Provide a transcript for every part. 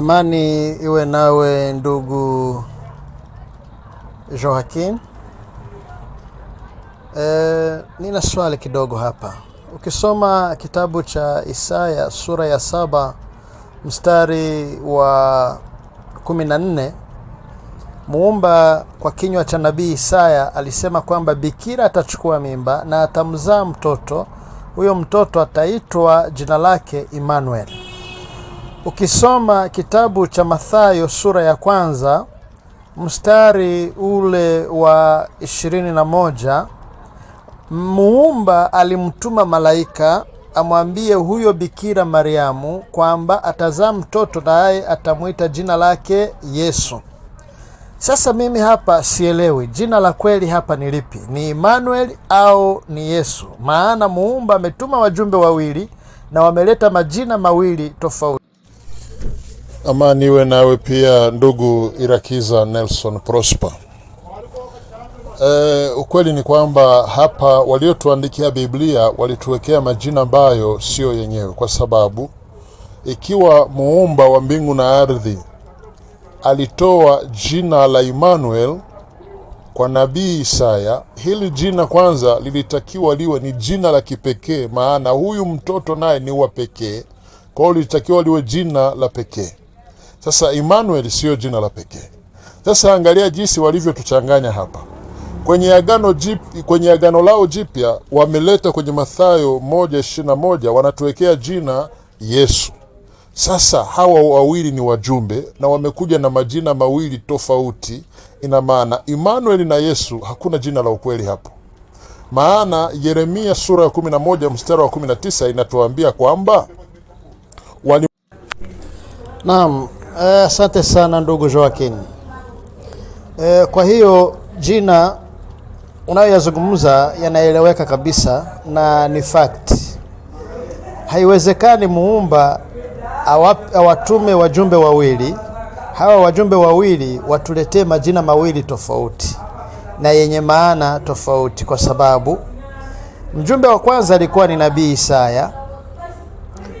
Amani iwe nawe ndugu Joaquin. E, nina swali kidogo hapa. Ukisoma kitabu cha Isaya sura ya saba mstari wa 14, Muumba kwa kinywa cha nabii Isaya alisema kwamba bikira atachukua mimba na atamzaa mtoto, huyo mtoto ataitwa jina lake Emmanuel. Ukisoma kitabu cha Mathayo sura ya kwanza mstari ule wa ishirini na moja muumba alimtuma malaika amwambie huyo Bikira Mariamu kwamba atazaa mtoto naye atamwita jina lake Yesu. Sasa mimi hapa sielewi jina la kweli hapa ni lipi, ni Emmanuel au ni Yesu? Maana muumba ametuma wajumbe wawili na wameleta majina mawili tofauti. Amani iwe nawe pia ndugu Irakiza Nelson Prosper. E, ukweli ni kwamba hapa waliotuandikia Biblia walituwekea majina ambayo sio yenyewe, kwa sababu ikiwa muumba wa mbingu na ardhi alitoa jina la Emmanuel kwa nabii Isaya, hili jina kwanza lilitakiwa liwe ni jina la kipekee, maana huyu mtoto naye ni wa pekee. Kwa hiyo lilitakiwa liwe jina la pekee. Sasa Emmanuel siyo jina la pekee. Sasa angalia jinsi walivyotuchanganya hapa kwenye agano jip, kwenye agano lao jipya wameleta kwenye Mathayo moja ishirini na moja wanatuwekea jina Yesu. Sasa hawa wawili ni wajumbe na wamekuja na majina mawili tofauti. Ina maana Emmanuel na Yesu hakuna jina la ukweli hapo, maana Yeremia sura ya 11 mstari wa 19 inatuambia kwamba wali... Naam, Eh, asante uh, sana ndugu Joaquin. Uh, kwa hiyo jina unayoyazungumza yanaeleweka kabisa na ni fact. Haiwezekani muumba awatume wajumbe wawili, hawa wajumbe wawili watuletee majina mawili tofauti na yenye maana tofauti, kwa sababu mjumbe wa kwanza alikuwa ni nabii Isaya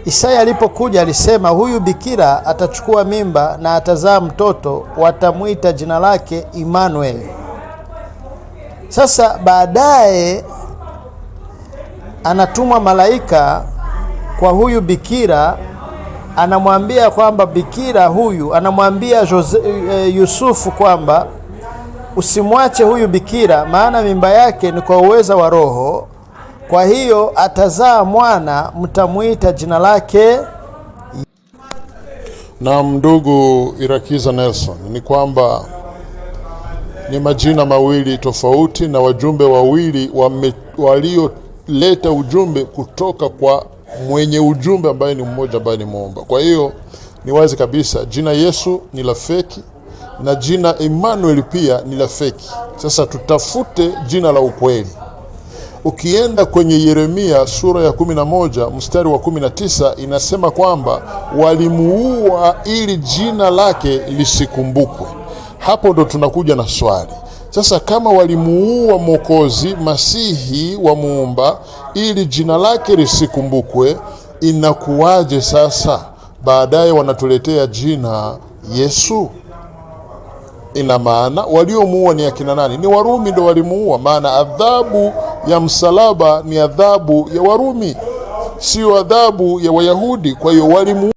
Isaya alipokuja alisema, huyu bikira atachukua mimba na atazaa mtoto, watamwita jina lake Immanuel. Sasa baadaye anatumwa malaika kwa huyu bikira, anamwambia kwamba bikira huyu anamwambia Jose, eh, Yusufu kwamba usimwache huyu bikira, maana mimba yake ni kwa uweza wa Roho kwa hiyo atazaa mwana, mtamwita jina lake. Na ndugu Irakiza Nelson, ni kwamba ni majina mawili tofauti na wajumbe wawili walioleta ujumbe kutoka kwa mwenye ujumbe ambaye ni mmoja ambaye ni muomba. Kwa hiyo ni wazi kabisa jina Yesu ni la feki na jina Emmanuel pia ni la feki. Sasa tutafute jina la ukweli. Ukienda kwenye Yeremia sura ya 11 mstari wa 19 inasema kwamba walimuua ili jina lake lisikumbukwe. Hapo ndo tunakuja na swali sasa, kama walimuua Mwokozi Masihi wa Muumba ili jina lake lisikumbukwe, inakuwaje sasa baadaye wanatuletea jina Yesu? Ina maana waliomuua ni akina nani? Ni Warumi ndo walimuua, maana adhabu ya msalaba ni adhabu ya Warumi, siyo adhabu ya Wayahudi. Kwa hiyo walimu